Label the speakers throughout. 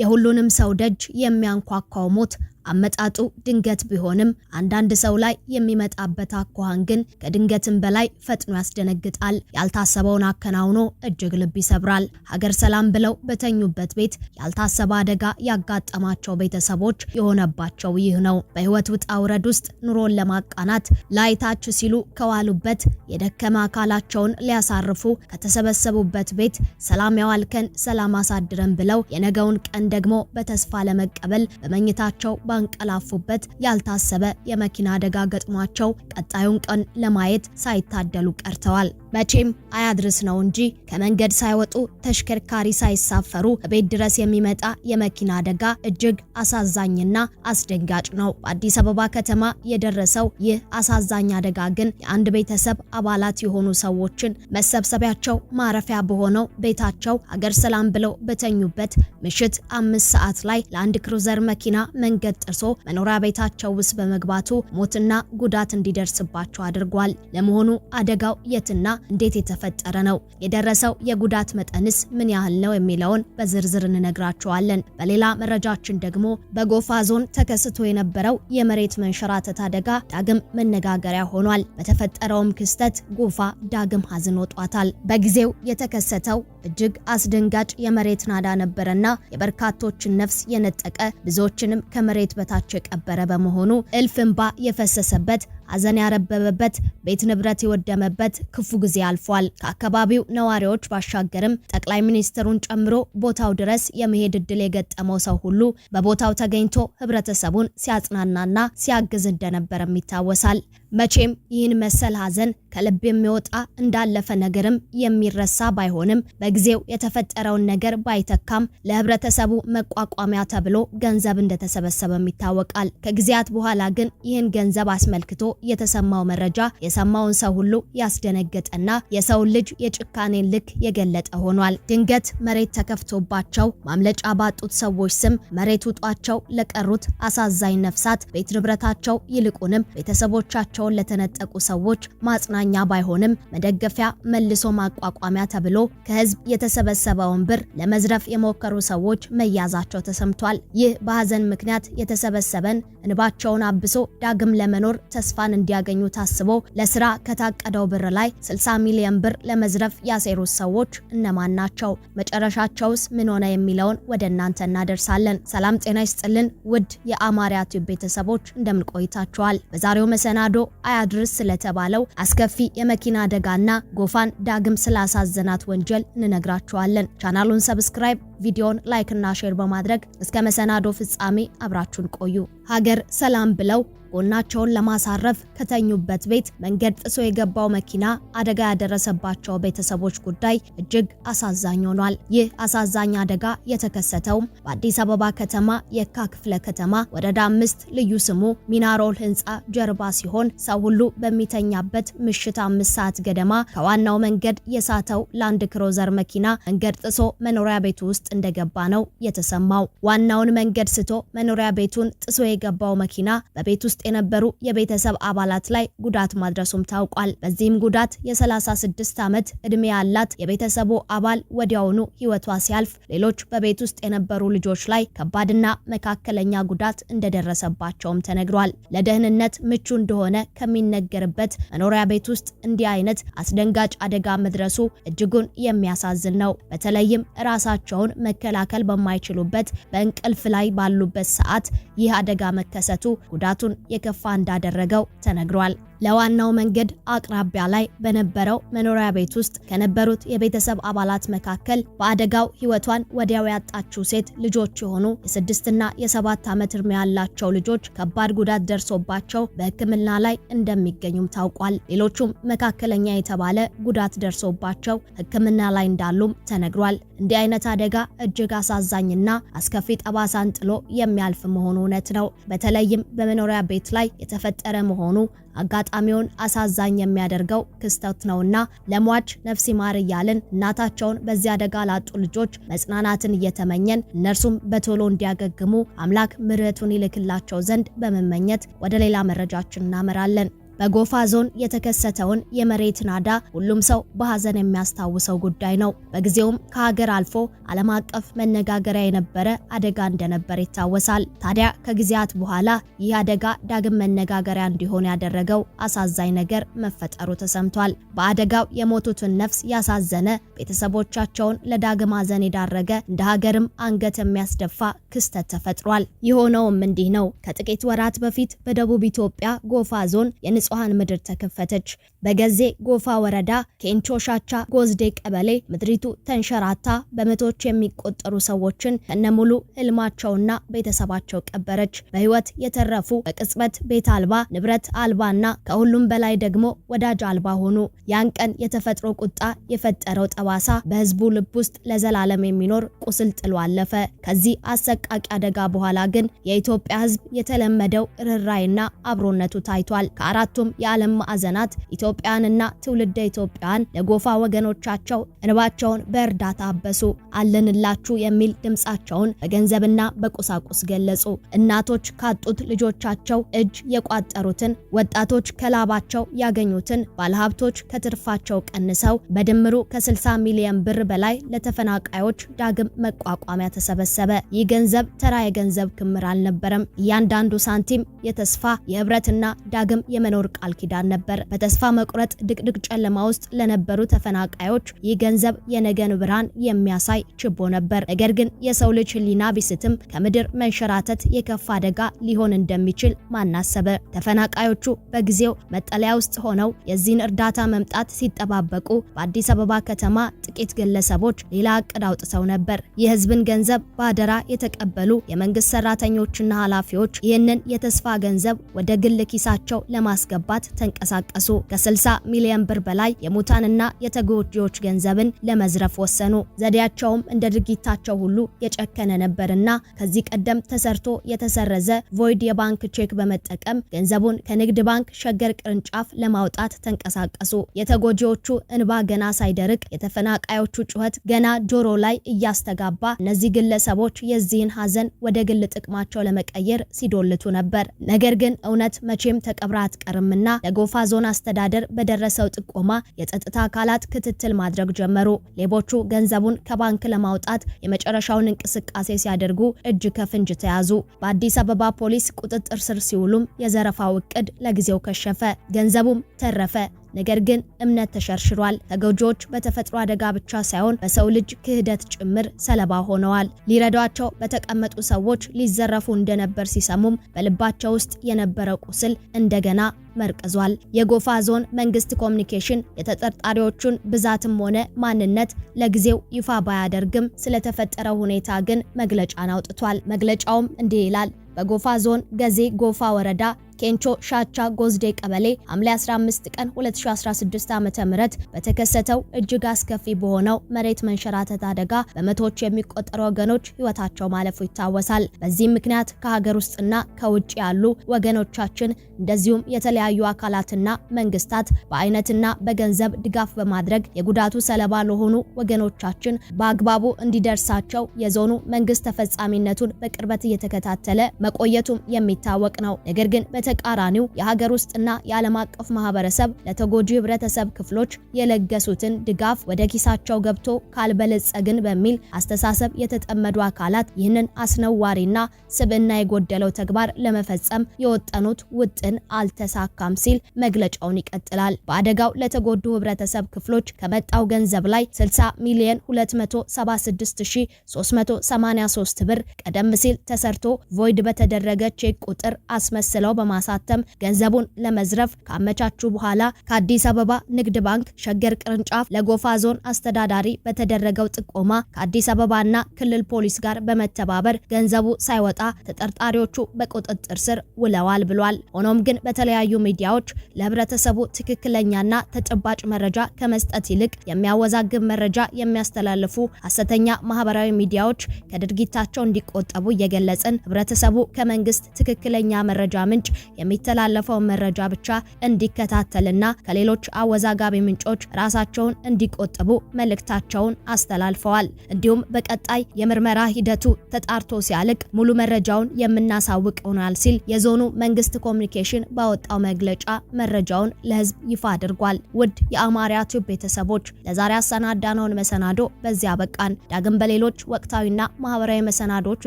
Speaker 1: የሁሉንም ሰው ደጅ የሚያንኳኳው ሞት አመጣጡ ድንገት ቢሆንም አንዳንድ ሰው ላይ የሚመጣበት አኳኋን ግን ከድንገትም በላይ ፈጥኖ ያስደነግጣል። ያልታሰበውን አከናውኖ እጅግ ልብ ይሰብራል። ሀገር ሰላም ብለው በተኙበት ቤት ያልታሰበ አደጋ ያጋጠማቸው ቤተሰቦች የሆነባቸው ይህ ነው። በህይወት ውጣ ውረድ ውስጥ ኑሮን ለማቃናት ላይታች ሲሉ ከዋሉበት የደከመ አካላቸውን ሊያሳርፉ ከተሰበሰቡበት ቤት ሰላም ያዋልከን ሰላም አሳድረን ብለው የነገውን ቀን ደግሞ በተስፋ ለመቀበል በመኝታቸው ባንቀላፉበት ያልታሰበ የመኪና አደጋ ገጥሟቸው ቀጣዩን ቀን ለማየት ሳይታደሉ ቀርተዋል። መቼም አያድርስ ነው እንጂ ከመንገድ ሳይወጡ ተሽከርካሪ ሳይሳፈሩ ቤት ድረስ የሚመጣ የመኪና አደጋ እጅግ አሳዛኝና አስደንጋጭ ነው። በአዲስ አበባ ከተማ የደረሰው ይህ አሳዛኝ አደጋ ግን የአንድ ቤተሰብ አባላት የሆኑ ሰዎችን መሰብሰቢያቸው ማረፊያ በሆነው ቤታቸው ሀገር ሰላም ብለው በተኙበት ምሽት አምስት ሰዓት ላይ ለአንድ ክሩዘር መኪና መንገድ ጥርሶ መኖሪያ ቤታቸው ውስጥ በመግባቱ ሞትና ጉዳት እንዲደርስባቸው አድርጓል። ለመሆኑ አደጋው የትና እንዴት የተፈጠረ ነው? የደረሰው የጉዳት መጠንስ ምን ያህል ነው የሚለውን በዝርዝር እንነግራችኋለን። በሌላ መረጃችን ደግሞ በጎፋ ዞን ተከስቶ የነበረው የመሬት መንሸራተት አደጋ ዳግም መነጋገሪያ ሆኗል። በተፈጠረውም ክስተት ጎፋ ዳግም ሀዘን ወጧታል። በጊዜው የተከሰተው እጅግ አስደንጋጭ የመሬት ናዳ ነበረና የበርካቶችን ነፍስ የነጠቀ ብዙዎችንም ከመሬት በታች የቀበረ በመሆኑ እልፍ እንባ የፈሰሰበት ሀዘን ያረበበበት ቤት ንብረት የወደመበት ክፉ ጊዜ አልፏል። ከአካባቢው ነዋሪዎች ባሻገርም ጠቅላይ ሚኒስትሩን ጨምሮ ቦታው ድረስ የመሄድ እድል የገጠመው ሰው ሁሉ በቦታው ተገኝቶ ህብረተሰቡን ሲያጽናናና ሲያግዝ እንደነበረም ይታወሳል። መቼም ይህን መሰል ሀዘን ከልብ የሚወጣ እንዳለፈ ነገርም የሚረሳ ባይሆንም በጊዜው የተፈጠረውን ነገር ባይተካም ለህብረተሰቡ መቋቋሚያ ተብሎ ገንዘብ እንደተሰበሰበም ይታወቃል። ከጊዜያት በኋላ ግን ይህን ገንዘብ አስመልክቶ የተሰማው መረጃ የሰማውን ሰው ሁሉ ያስደነገጠ እና የሰውን ልጅ የጭካኔን ልክ የገለጠ ሆኗል። ድንገት መሬት ተከፍቶባቸው ማምለጫ ባጡት ሰዎች ስም መሬት ውጧቸው ለቀሩት አሳዛኝ ነፍሳት ቤት ንብረታቸው ይልቁንም ቤተሰቦቻቸውን ለተነጠቁ ሰዎች ማጽናኛ ባይሆንም መደገፊያ መልሶ ማቋቋሚያ ተብሎ ከህዝብ የተሰበሰበውን ብር ለመዝረፍ የሞከሩ ሰዎች መያዛቸው ተሰምቷል። ይህ በሀዘን ምክንያት የተሰበሰበን እንባቸውን አብሶ ዳግም ለመኖር ተስፋን እንዲያገኙ ታስቦ ለስራ ከታቀደው ብር ላይ 60 60 ሚሊዮን ብር ለመዝረፍ ያሴሩት ሰዎች እነማን ናቸው? መጨረሻቸውስ ምን ሆነ የሚለውን ወደ እናንተ እናደርሳለን። ሰላም ጤና ይስጥልን ውድ የአማርያ ቲዩብ ቤተሰቦች እንደምን ቆይታችኋል? በዛሬው መሰናዶ አያድርስ ስለተባለው አስከፊ የመኪና አደጋና ጎፋን ዳግም ስላሳዘናት ወንጀል እንነግራችኋለን። ቻናሉን ሰብስክራይብ፣ ቪዲዮን ላይክ እና ሼር በማድረግ እስከ መሰናዶ ፍጻሜ አብራችሁን ቆዩ። ሀገር ሰላም ብለው ጎናቸውን ለማሳረፍ ከተኙበት ቤት መንገድ ጥሶ የገባው መኪና አደጋ ያደረሰባቸው ቤተሰቦች ጉዳይ እጅግ አሳዛኝ ሆኗል። ይህ አሳዛኝ አደጋ የተከሰተው በአዲስ አበባ ከተማ የካ ክፍለ ከተማ ወረዳ አምስት ልዩ ስሙ ሚናሮል ህንፃ ጀርባ ሲሆን ሰው ሁሉ በሚተኛበት ምሽት አምስት ሰዓት ገደማ ከዋናው መንገድ የሳተው ላንድ ክሮዘር መኪና መንገድ ጥሶ መኖሪያ ቤቱ ውስጥ እንደገባ ነው የተሰማው። ዋናውን መንገድ ስቶ መኖሪያ ቤቱን ጥሶ የገባው መኪና በቤት ውስጥ ውስጥ የነበሩ የቤተሰብ አባላት ላይ ጉዳት ማድረሱም ታውቋል። በዚህም ጉዳት የ36 ዓመት ዕድሜ ያላት የቤተሰቡ አባል ወዲያውኑ ሕይወቷ ሲያልፍ፣ ሌሎች በቤት ውስጥ የነበሩ ልጆች ላይ ከባድና መካከለኛ ጉዳት እንደደረሰባቸውም ተነግሯል። ለደህንነት ምቹ እንደሆነ ከሚነገርበት መኖሪያ ቤት ውስጥ እንዲህ አይነት አስደንጋጭ አደጋ መድረሱ እጅጉን የሚያሳዝን ነው። በተለይም ራሳቸውን መከላከል በማይችሉበት በእንቅልፍ ላይ ባሉበት ሰዓት ይህ አደጋ መከሰቱ ጉዳቱን የከፋ እንዳደረገው ተነግሯል። ለዋናው መንገድ አቅራቢያ ላይ በነበረው መኖሪያ ቤት ውስጥ ከነበሩት የቤተሰብ አባላት መካከል በአደጋው ህይወቷን ወዲያው ያጣችው ሴት ልጆች የሆኑ የስድስትና የሰባት ዓመት እድሜ ያላቸው ልጆች ከባድ ጉዳት ደርሶባቸው በሕክምና ላይ እንደሚገኙም ታውቋል። ሌሎቹም መካከለኛ የተባለ ጉዳት ደርሶባቸው ሕክምና ላይ እንዳሉም ተነግሯል። እንዲህ አይነት አደጋ እጅግ አሳዛኝና አስከፊ ጠባሳን ጥሎ የሚያልፍ መሆኑ እውነት ነው። በተለይም በመኖሪያ ቤት ላይ የተፈጠረ መሆኑ አጋጣሚውን አሳዛኝ የሚያደርገው ክስተት ነውና ለሟች ነፍስ ይማር እያልን እናታቸውን በዚህ አደጋ ላጡ ልጆች መጽናናትን እየተመኘን እነርሱም በቶሎ እንዲያገግሙ አምላክ ምሕረቱን ይልክላቸው ዘንድ በመመኘት ወደ ሌላ መረጃችን እናመራለን። በጎፋ ዞን የተከሰተውን የመሬት ናዳ ሁሉም ሰው በሀዘን የሚያስታውሰው ጉዳይ ነው። በጊዜውም ከሀገር አልፎ ዓለም አቀፍ መነጋገሪያ የነበረ አደጋ እንደነበር ይታወሳል። ታዲያ ከጊዜያት በኋላ ይህ አደጋ ዳግም መነጋገሪያ እንዲሆን ያደረገው አሳዛኝ ነገር መፈጠሩ ተሰምቷል። በአደጋው የሞቱትን ነፍስ ያሳዘነ፣ ቤተሰቦቻቸውን ለዳግም ሀዘን የዳረገ፣ እንደ ሀገርም አንገት የሚያስደፋ ክስተት ተፈጥሯል። የሆነውም እንዲህ ነው። ከጥቂት ወራት በፊት በደቡብ ኢትዮጵያ ጎፋ ዞን የንጹሐን ምድር ተከፈተች። በገዜ ጎፋ ወረዳ ከኢንቾሻቻ ጎዝዴ ቀበሌ ምድሪቱ ተንሸራታ በመቶዎች የሚቆጠሩ ሰዎችን ከነሙሉ ህልማቸውና ቤተሰባቸው ቀበረች። በህይወት የተረፉ በቅጽበት ቤት አልባ ንብረት አልባና ከሁሉም በላይ ደግሞ ወዳጅ አልባ ሆኑ። ያን ቀን የተፈጥሮ ቁጣ የፈጠረው ጠባሳ በህዝቡ ልብ ውስጥ ለዘላለም የሚኖር ቁስል ጥሎ አለፈ። ከዚህ አሰቃቂ አደጋ በኋላ ግን የኢትዮጵያ ህዝብ የተለመደው ርኅራይና አብሮነቱ ታይቷል። ከአራቱም የዓለም ማዕዘናት ኢትዮጵያንና ትውልደ ኢትዮጵያን ለጎፋ ወገኖቻቸው እንባቸውን በእርዳታ አበሱ። አለንላችሁ የሚል ድምፃቸውን በገንዘብና በቁሳቁስ ገለጹ። እናቶች ካጡት ልጆቻቸው እጅ የቋጠሩትን፣ ወጣቶች ከላባቸው ያገኙትን፣ ባለሀብቶች ከትርፋቸው ቀንሰው በድምሩ ከ60 ሚሊዮን ብር በላይ ለተፈናቃዮች ዳግም መቋቋሚያ ተሰበሰበ። ይህ ገንዘብ ተራ የገንዘብ ክምር አልነበረም። እያንዳንዱ ሳንቲም የተስፋ የህብረትና ዳግም የመኖር ቃል ኪዳን ነበር። በተስፋ መቁረጥ ድቅድቅ ጨለማ ውስጥ ለነበሩ ተፈናቃዮች ይህ ገንዘብ የነገን ብርሃን የሚያሳይ ችቦ ነበር። ነገር ግን የሰው ልጅ ሕሊና ቢስትም ከምድር መንሸራተት የከፋ አደጋ ሊሆን እንደሚችል ማናሰበ። ተፈናቃዮቹ በጊዜው መጠለያ ውስጥ ሆነው የዚህን እርዳታ መምጣት ሲጠባበቁ በአዲስ አበባ ከተማ ጥቂት ግለሰቦች ሌላ እቅድ አውጥተው ነበር። የህዝብን ገንዘብ በአደራ የተቀበሉ የመንግስት ሰራተኞችና ኃላፊዎች ይህንን የተስፋ ገንዘብ ወደ ግል ኪሳቸው ለማስገባት ተንቀሳቀሱ። 60 ሚሊዮን ብር በላይ የሙታንና የተጎጂዎች ገንዘብን ለመዝረፍ ወሰኑ። ዘዴያቸውም እንደ ድርጊታቸው ሁሉ የጨከነ ነበርና ከዚህ ቀደም ተሰርቶ የተሰረዘ ቮይድ የባንክ ቼክ በመጠቀም ገንዘቡን ከንግድ ባንክ ሸገር ቅርንጫፍ ለማውጣት ተንቀሳቀሱ። የተጎጂዎቹ እንባ ገና ሳይደርቅ፣ የተፈናቃዮቹ ጩኸት ገና ጆሮ ላይ እያስተጋባ እነዚህ ግለሰቦች የዚህን ሀዘን ወደ ግል ጥቅማቸው ለመቀየር ሲዶልቱ ነበር። ነገር ግን እውነት መቼም ተቀብራ አትቀርምና ለጎፋ ዞን አስተዳደር አስተዳደር በደረሰው ጥቆማ የጸጥታ አካላት ክትትል ማድረግ ጀመሩ። ሌቦቹ ገንዘቡን ከባንክ ለማውጣት የመጨረሻውን እንቅስቃሴ ሲያደርጉ እጅ ከፍንጅ ተያዙ። በአዲስ አበባ ፖሊስ ቁጥጥር ስር ሲውሉም የዘረፋው እቅድ ለጊዜው ከሸፈ፣ ገንዘቡም ተረፈ። ነገር ግን እምነት ተሸርሽሯል። ተጎጂዎች በተፈጥሮ አደጋ ብቻ ሳይሆን በሰው ልጅ ክህደት ጭምር ሰለባ ሆነዋል። ሊረዷቸው በተቀመጡ ሰዎች ሊዘረፉ እንደነበር ሲሰሙም በልባቸው ውስጥ የነበረ ቁስል እንደገና መርቅዟል። የጎፋ ዞን መንግስት ኮሚኒኬሽን የተጠርጣሪዎቹን ብዛትም ሆነ ማንነት ለጊዜው ይፋ ባያደርግም ስለተፈጠረው ሁኔታ ግን መግለጫን አውጥቷል። መግለጫውም እንዲህ ይላል። በጎፋ ዞን ገዜ ጎፋ ወረዳ ኬንቾ ሻቻ ጎዝዴ ቀበሌ ሐምሌ 15 ቀን 2016 ም በተከሰተው እጅግ አስከፊ በሆነው መሬት መንሸራተት አደጋ በመቶዎች የሚቆጠሩ ወገኖች ህይወታቸው ማለፉ ይታወሳል። በዚህም ምክንያት ከሀገር ውስጥና ከውጭ ያሉ ወገኖቻችን እንደዚሁም የተለያዩ አካላትና መንግስታት በአይነትና በገንዘብ ድጋፍ በማድረግ የጉዳቱ ሰለባ ለሆኑ ወገኖቻችን በአግባቡ እንዲደርሳቸው የዞኑ መንግስት ተፈጻሚነቱን በቅርበት እየተከታተለ መቆየቱም የሚታወቅ ነው። ነገር ግን በተቃራኒው የሀገር ውስጥና የዓለም አቀፍ ማህበረሰብ ለተጎጂ ህብረተሰብ ክፍሎች የለገሱትን ድጋፍ ወደ ኪሳቸው ገብቶ ካልበለጸግን በሚል አስተሳሰብ የተጠመዱ አካላት ይህንን አስነዋሪና ስብዕና የጎደለው ተግባር ለመፈጸም የወጠኑት ውጥን አልተሳካም ሲል መግለጫውን ይቀጥላል። በአደጋው ለተጎዱ ህብረተሰብ ክፍሎች ከመጣው ገንዘብ ላይ 60 ሚሊዮን 276383 ብር ቀደም ሲል ተሰርቶ ቮይድ በተደረገ ቼክ ቁጥር አስመስለው በማ ለማሳተም ገንዘቡን ለመዝረፍ ካመቻቹ በኋላ ከአዲስ አበባ ንግድ ባንክ ሸገር ቅርንጫፍ ለጎፋ ዞን አስተዳዳሪ በተደረገው ጥቆማ ከአዲስ አበባና ክልል ፖሊስ ጋር በመተባበር ገንዘቡ ሳይወጣ ተጠርጣሪዎቹ በቁጥጥር ስር ውለዋል ብሏል። ሆኖም ግን በተለያዩ ሚዲያዎች ለህብረተሰቡ ትክክለኛና ተጨባጭ መረጃ ከመስጠት ይልቅ የሚያወዛግብ መረጃ የሚያስተላልፉ ሀሰተኛ ማህበራዊ ሚዲያዎች ከድርጊታቸው እንዲቆጠቡ እየገለጽን ህብረተሰቡ ከመንግስት ትክክለኛ መረጃ ምንጭ የሚተላለፈውን መረጃ ብቻ እንዲከታተልና ከሌሎች አወዛጋቢ ምንጮች ራሳቸውን እንዲቆጥቡ መልእክታቸውን አስተላልፈዋል። እንዲሁም በቀጣይ የምርመራ ሂደቱ ተጣርቶ ሲያልቅ ሙሉ መረጃውን የምናሳውቅ ይሆናል ሲል የዞኑ መንግስት ኮሚኒኬሽን ባወጣው መግለጫ መረጃውን ለህዝብ ይፋ አድርጓል። ውድ የአማርያ ቲዩብ ቤተሰቦች ለዛሬ አሰናዳነውን መሰናዶ በዚያ በቃን። ዳግም በሌሎች ወቅታዊና ማህበራዊ መሰናዶዎች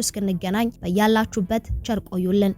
Speaker 1: እስክንገናኝ በያላችሁበት ቸር ቆዩልን።